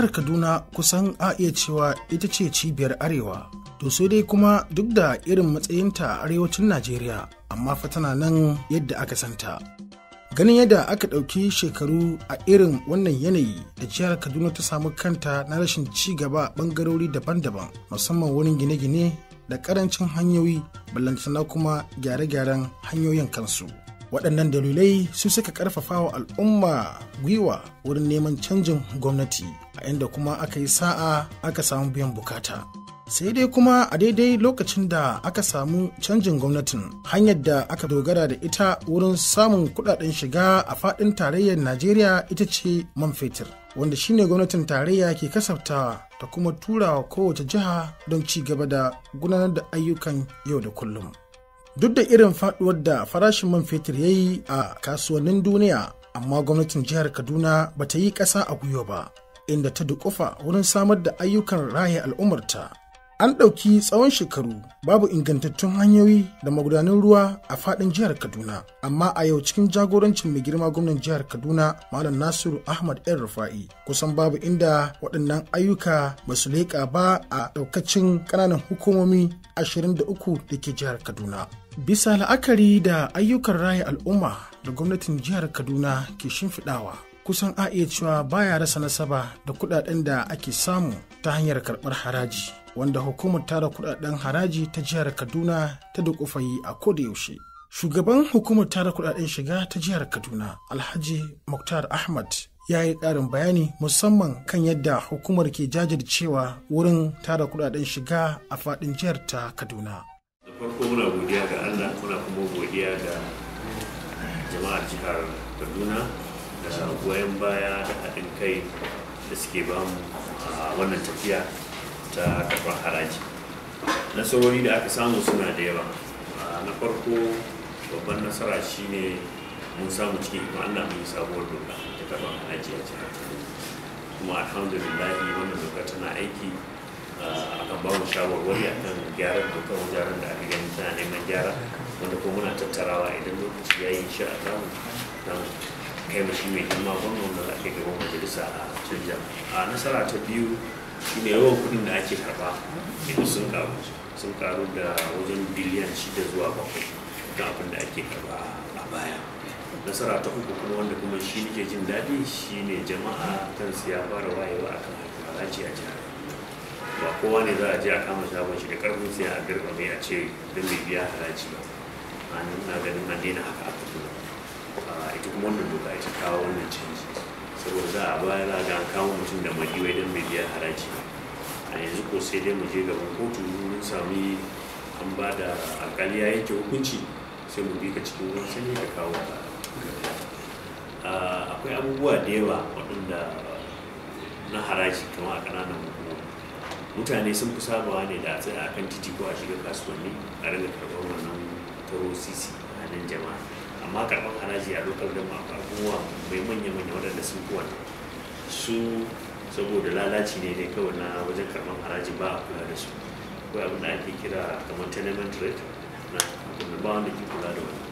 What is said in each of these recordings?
jihar kaduna kusan a iya cewa ita ce cibiyar arewa to sai dai kuma duk da irin matsayinta a arewacin najeriya amma fa tana nan yadda aka santa ganin yadda aka ɗauki shekaru a irin wannan yanayi da jihar kaduna ta samu kanta na rashin ci gaba ɓangarori daban-daban musamman wurin gine-gine da ƙarancin hanyoyi ballantana kuma gyare-gyaren hanyoyin kansu waɗannan dalilai su suka ƙarfafa wa al'umma gwiwa wurin neman canjin gwamnati a inda kuma aka yi sa'a aka samu biyan bukata sai dai kuma a daidai lokacin da aka samu canjin gwamnatin hanyar da aka dogara da ita wurin samun kudaden shiga a faɗin tarayyar najeriya ita ce man fetur wanda shine gwamnatin tarayya ke kasafta ta kuma turawa kowace jiha don ci gaba da gudanar da ayyukan yau da kullum duk da irin faduwar da farashin man fetur ya yi a kasuwannin duniya amma gwamnatin jihar kaduna ba ta yi ƙasa a gwiwa ba inda ta dukufa wurin samar da ayyukan rahe al'ummarta an ɗauki tsawon shekaru babu ingantattun hanyoyi da magudanan ruwa a fadin jihar kaduna amma a yau cikin jagorancin mai girma gwamnan jihar kaduna malam nasiru ahmad yan rufa'i kusan babu inda waɗannan ayyuka ba su leƙa ba a ɗaukacin ƙananan hukumomi 23 da ke jihar kaduna bisa la'akari da ayyukan raya al'umma da gwamnatin jihar kaduna ke shimfiɗawa kusan a iya cewa baya rasa nasaba da kudaden da ake samu ta hanyar karɓar haraji wanda hukumar tara kudaden haraji ta jihar kaduna ta da kufayi a yaushe. shugaban hukumar tara kudaden shiga ta jihar kaduna alhaji muktar ahmad ya yi ƙarin bayani musamman kan yadda hukumar ke jajircewa wurin tara kudaden shiga a faɗin jihar ta kaduna farko muna godiya ga allah muna kuma godiya ga jama'ar jihar kaduna da goyon baya da haɗin kai da suke bamu a wannan tafiya ta karɓar haraji nasarori da aka samu suna da yawa na farko babban nasara shine mun samu ciki, kuma allah mun yi sabuwar doka ta karɓar haraji a jihar kuma alhamdulillahi wannan doka tana aiki akan ba mu shawarwari akan gyaran da kawo gyaran da aka gani tana neman gyara wanda ko muna tattarawa idan lokaci ya yi shi a zamu zamu kai mashi mai girma gwamna wanda za a kai gaban majalisa a canja a nasara ta biyu shi ne yawan kuɗin da ake karɓa idan sun karu sun karu da wajen biliyan shida zuwa bakwai na abin da ake karɓa a baya nasara ta uku kuma wanda kuma shi nake jin daɗi shi ne jama'a kansu ya fara wayewa akan harkar a jihar ba kowa ne za a je a kama shagon shi da karfin sai a garba mai a ce don mai biya haraji ba a nuna ganin an daina haka a aka A ah, ita kuma wannan doka ita kawo wannan canji saboda za a baya za a ga an kama mutum da wai don mai biya haraji a yanzu ko sai dai mu je gaban kotu mun sami an ba da alkali ya yanke hukunci sai mu bi ka cikin ruwan sanyi ka kawo ah, akwai abubuwa da yawa waɗanda na haraji kamar a ƙananan hukumomi mutane sun fi sabawa ne da a tsaya akan titi ko a shiga kasuwanni a rage karɓar wannan taro sisi a hannun jama'a amma karɓar haraji a lokacin da ma'afafuwa mai manya-manya waɗanda sun fi wannan su saboda lalaci ne dai kawai na wajen karɓar haraji ba a kula da su akwai abin da ake kira kamar tenement rate na abin da ba wanda ke kula da wannan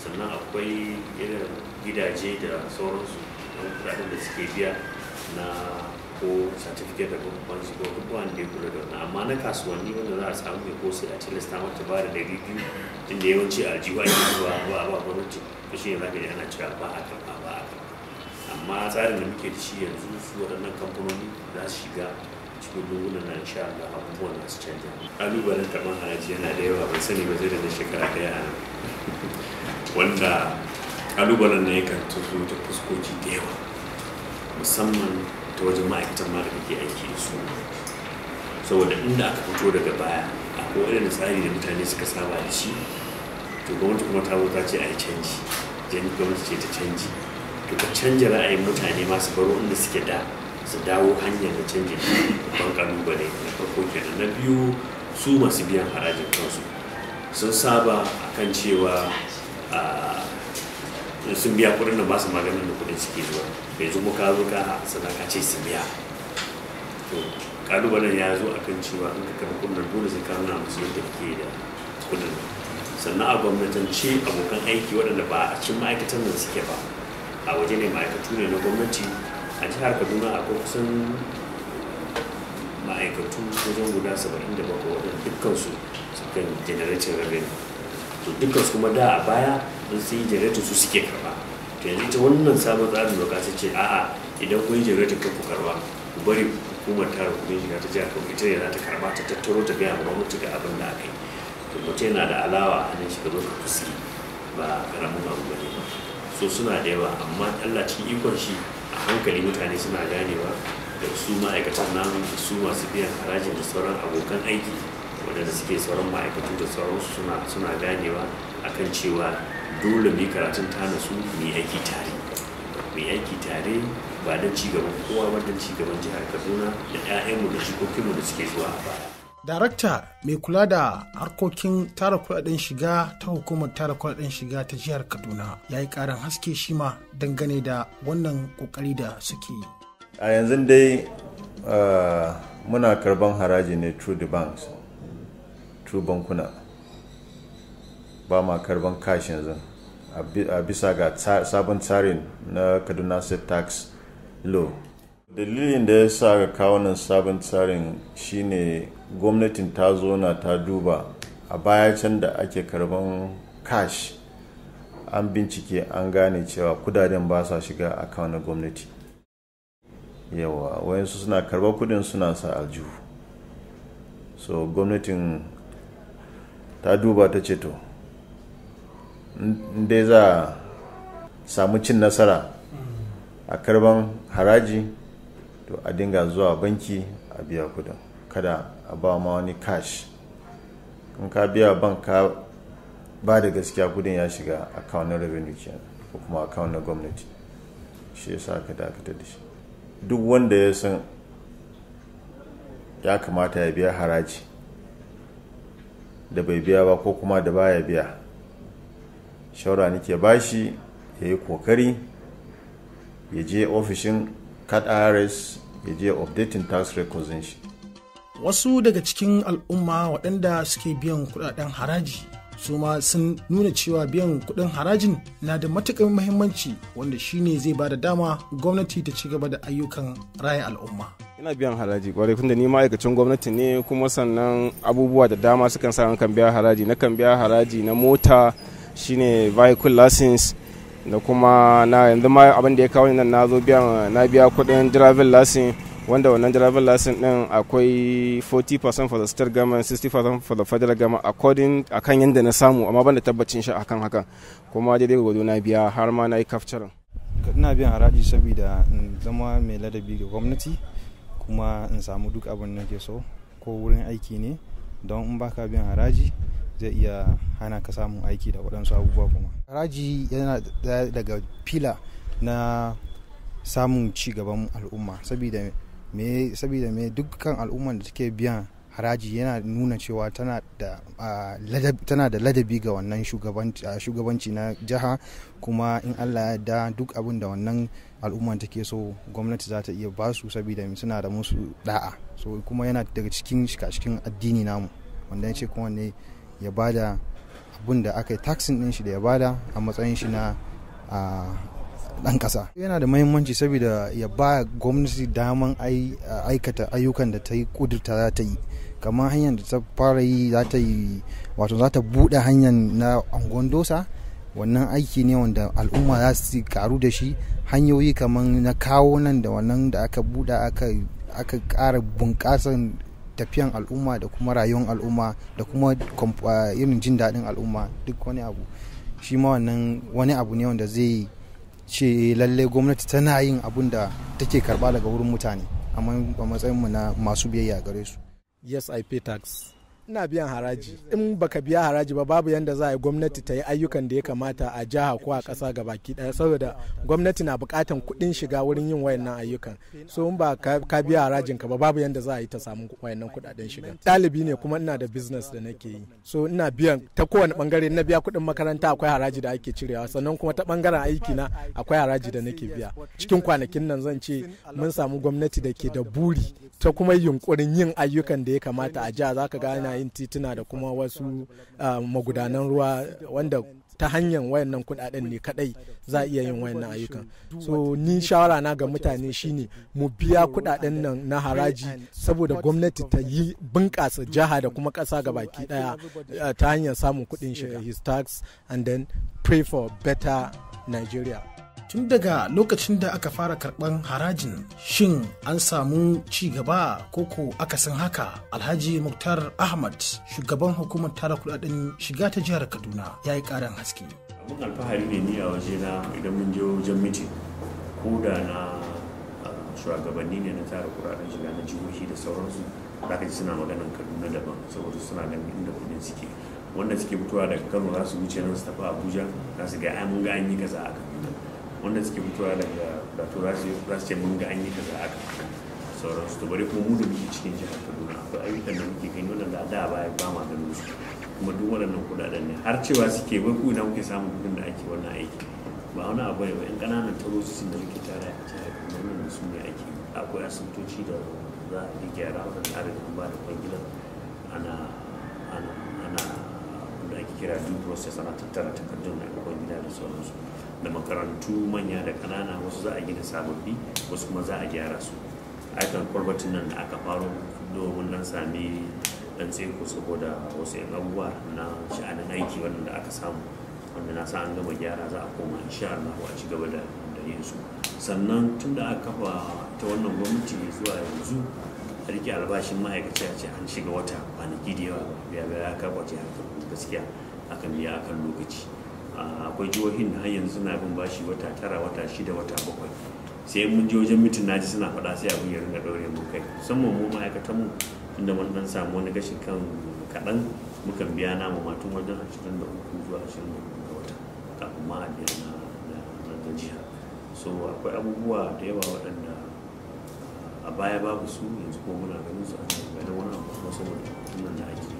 sannan akwai irin gidaje da sauransu na kuɗaɗen da suke biya na ko certificate daga babban ko duk wanda ya kula da wannan amma na kasuwanni wanda za a samu mai kosi a cikin tilasta mata ba da ɗari biyu inda yawanci a jiwa ke zuwa ba a ba gwamnati to shi ne za ka ji ana cewa ba a karɓa ba a karɓa amma tsarin da muke da shi yanzu su waɗannan kamfanoni za su shiga cikin lungunan na insha Allah abubuwan masu canja ƙalubalen taɓin haraji yana da yawa ban sani ba zai da shekara ɗaya a wanda ƙalubalen na yakan tuzo ta fuskoki da yawa musamman ta wajen ma'aikatan ma da aiki da su saboda inda aka fito daga baya a ko wani tsari da mutane suka saba da shi to gwamnati kuma ta zo ce a yi canji jan gwamnati ce ta canji to ka canja ra'ayin mutane masu baro inda suke da su dawo hanyar da canji ban kalubale na farko kenan na biyu su masu biyan harajin kansu sun saba akan cewa a ah, sun biya kudin nan ba su maganin da kudin suke zuwa bai zo muka zo ka sana ka ce su biya to kalubalen ya zo akan cewa in ka karɓi kudin dole sai ka nuna musu yadda kake da kudin sannan a gwamnatance abokan aiki waɗanda ba a cikin ma'aikatan nan suke ba a waje ne ma'aikatu ne na gwamnati a jihar kaduna akwai kusan ma'aikatu wajen guda saba'in da bakwai waɗanda dukkansu kan generating rabin to dukkansu kuma da a baya in sun yi su suke karba to yanzu ta wannan sabon tsarin doka sai ce a'a idan kun yi generator kan ku karba ku bari hukumar tara kudin shiga ta jihar kuma ita ya za ta karba ta tattaro ta gaya ma gwamnati ga abin da aka yi to mutum yana da alawa a nan shiga zo ka fuski ba karamin abu ba ne ba so suna da yawa amma allah cikin ikon shi a hankali mutane suna ganewa da su ma'aikatan namu da su masu biyan harajin da sauran abokan aiki waɗanda suke sauran ma'aikatu da sauransu suna ganewa a kan cewa dole mu karatun ta nasu mu yi aiki tare mu yi aiki tare ba don cigaban kowa ba don cigaban jihar kaduna da 'ya'yanmu da jikokinmu da suke zuwa a darakta mai kula da harkokin tara kudaden shiga ta hukumar tara kudaden shiga ta jihar kaduna ya yi karin haske shi ma dangane da wannan kokari da suke yi a yanzu dai muna karban haraji ne through the banks through bankuna ba ma karban kashin yanzu a bisa ga sabon tsarin na kaduna state tax law dalilin da ya sa ga kawo sabon tsarin shine gwamnatin ta zo na ta duba a baya can da ake karban cash an bincike an gane cewa kudaden ba sa shiga a na gwamnati yawa wayansu suna karɓar kudin suna sa aljihu so gwamnatin ta duba ta ceto? dai za a samu cin nasara a karban haraji to a dinga zuwa banki a biya kudin kada a ba ma wani cash in ka biya bank ka ba da gaskiya kudin ya shiga account na revenue kenan ko kuma account na gwamnati shi yasa ka dakatar da shi duk wanda ya san ya kamata ya biya haraji da bai biya ba ko kuma da baya biya shawara nake bashi ya yi kokari ya je ofishin cut irs ya je updating tax records shi wasu daga cikin al'umma waɗanda suke biyan kudaden haraji su ma sun nuna cewa biyan kudin harajin na da matuƙar muhimmanci wanda shine zai ba da dama gwamnati ta ci gaba da ayyukan raya al'umma ina biyan haraji kwarai da ni ma'aikacin gwamnati ne kuma sannan abubuwa da dama sukan sa kan biya haraji na kan biya haraji na mota shine vehicle license da kuma na yanzu ma abin da ya kawo nan na zo na biya kudin driving license wanda wannan driving license din akwai 40% for the state government 60% for the federal government according akan yadda na samu amma ban da tabbacin shi akan haka kuma dai dai gwado na biya har ma na yi capturing ina biyan haraji saboda in zama mai ladabi ga gwamnati kuma in samu duk abin da nake so ko wurin aiki ne don in baka biyan haraji zai iya hana ka samun aiki da waɗansu abubuwa kuma haraji yana daga fila na samun ci gaban al'umma saboda me dukkan al'umman da take biyan haraji yana nuna cewa tana da ladabi ga wannan shugabanci na jiha kuma in Allah ya da duk abin da wannan al'umman take so gwamnati za ta iya ba basu saboda suna da musu da'a so kuma yana daga cikin cikin addini namu wanda ya ce kuma ne ya bada abun da aka yi taxin din shi da ya bada a matsayin shi na dan kasa yana da mahimmanci saboda ya ba gwamnati daman aikata ayyukan da ta yi kudurta za ta yi kamar hanyar da ta fara yi za ta yi wato za ta buɗe hanyar na angon dosa wannan aiki ne wanda al'umma za su karu da shi hanyoyi kamar na kawo nan da wannan da aka buɗe aka ƙara bunkasan tafiyan al'umma da kuma rayuwar al'umma da kuma ah, irin jin daɗin al'umma duk wani abu shi ma wannan wani abu ne wanda zai ce lalle gwamnati tana yin abun da take karba daga wurin mutane amma a mu na masu biyayya gare su yes i pay tax ina biyan haraji in baka biya haraji ba babu yanda za a yi gwamnati ta yi ayyukan da ya kamata a jiha ko a ƙasa baki ɗaya saboda gwamnati na buƙatan kuɗin shiga wurin yin wayannan ayyukan so in ba ka biya harajin ka ba babu yanda za a yi ta samu wayannan kuɗaɗen shiga ɗalibi ne kuma ina da business da nake yi so ina biyan ta kowane bangare na biya kuɗin makaranta akwai haraji da ake cirewa sannan kuma ta bangaren aiki na akwai haraji da nake biya cikin kwanakin nan zan ce mun samu gwamnati da ke da buri ta kuma yunkurin yin ayyukan da ya kamata a jiha zaka ga ana yayin tituna da kuma wasu ah, magudanan ruwa wanda ta hanyar wayannan kudaden ne kadai za iya yin wayannan ayyukan so ni shawara na ga mutane shine mu biya kudaden nan na haraji saboda gwamnati ta yi bunkasa jiha da kuma ƙasa ga baki daya ah, ta hanyar samun kudin shiga his tax and then pray for better nigeria tun daga lokacin da aka fara karban harajin shin an samu ci gaba koko akasin haka alhaji muktar ahmad shugaban hukumar tara kudaden shiga ta jihar kaduna ya yi karin haske abin alfahari ne ni a waje na idan mun je wajen mitin ko da na ah, shugabanni ne na tara kudaden shiga na jihohi da sauransu za ka ji suna maganan kaduna daban saboda suna ganin inda kudin suke wanda suke fitowa daga kano za su wuce nan su tafi abuja za su ga ai mun ga an yi kaza a kaduna wanda suke mutuwa daga plateau za su ce mun ga an yi kaza aka sauransu to bari kuma mu da muke cikin jihar kaduna akwai ayyukan da muke gani wadanda a baya ba ma ganin su kuma duk waɗannan kuɗaɗen ne har cewa suke wai ku na muke samun kuɗin da ake wannan aiki ba wani abu ne ba yan ƙananan tarozin da muke tara a jihar kaduna da su ne ake akwai asibitoci da za a yi gyara waɗanda arzikin ba da kwangilan ana ana kira due process ana tattara takardun ayyukan gida da sauransu da makarantu manya da ƙanana wasu za a gina sababbi wasu kuma za a gyara su aikan kwalbatin nan da aka faro domin nan sami dan tseko saboda wasu yan abubuwa na sha'anin aiki wanda aka samu wanda na sa an gama gyara za a koma insha Allah a ci gaba da yin su sannan tun da aka kafa ta wannan gwamnati zuwa yanzu a rike albashin ma'aikaci a ce an shiga wata kwanaki da yawa ya ya kafa ce harkar gaskiya akan biya akan lokaci akwai jihohin na har yanzu suna bin bashi wata tara wata shida wata bakwai sai mun je wajen mitin naji suna faɗa sai abin ya ringa ɗaure mu kai musamman mu ma'aikatan mu inda mun dan samu wani gashin kan kaɗan mukan biya namu ma tun wajen ashirin da uku zuwa ashirin da uku ga wata kafin ma a biya na na jiha so akwai abubuwa da yawa waɗanda a baya babu su yanzu kuma muna ganin su a cikin wani abu kuma saboda tunan da ake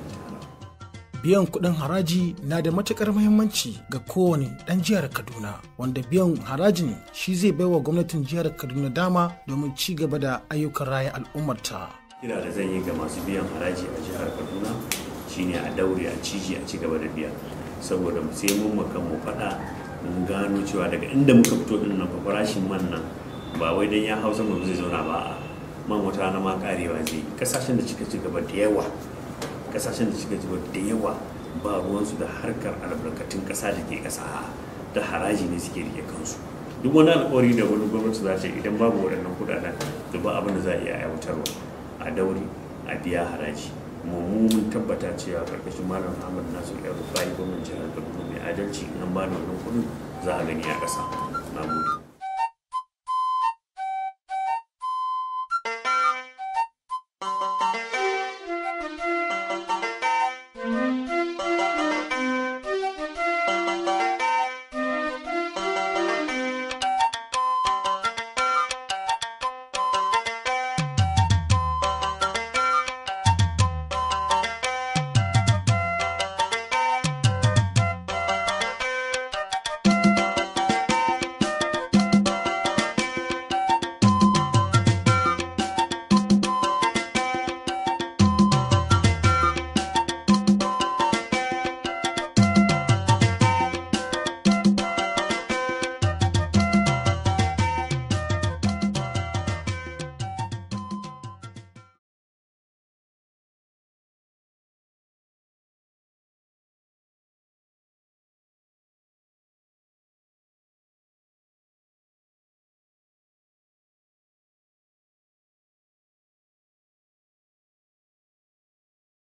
biyan kudin haraji na da matukar muhimmanci ga kowane dan jihar kaduna wanda biyan harajin shi zai baiwa gwamnatin jihar kaduna dama domin ci gaba da ayyukan raya al'ummarta kira da zan yi ga masu biyan haraji a jihar kaduna shine a daure a ciji a ci gaba da biya saboda mu sai mun maka mu faɗa mun gano cewa daga inda muka fito din nan farashin man nan ba wai dan ya hausa mu zai zauna ba man wata na ma karewa zai kasashen da cika ci gaba da yawa kasashen da suka zuwa da yawa ba ruwansu da harkar albarkatun ƙasa da ke ƙasa da haraji ne suke rike kansu duk wani alƙawari da wani gwamnati za ta idan babu waɗannan kuɗaɗen to ba abin da za a iya aiwatarwa a dauri a biya haraji mun tabbata cewa karkashin malam ahmad nasu ya rufayi gwamnan jihar kaduna mai adalci in an ba da wannan kuɗin za a gani a ƙasa na gode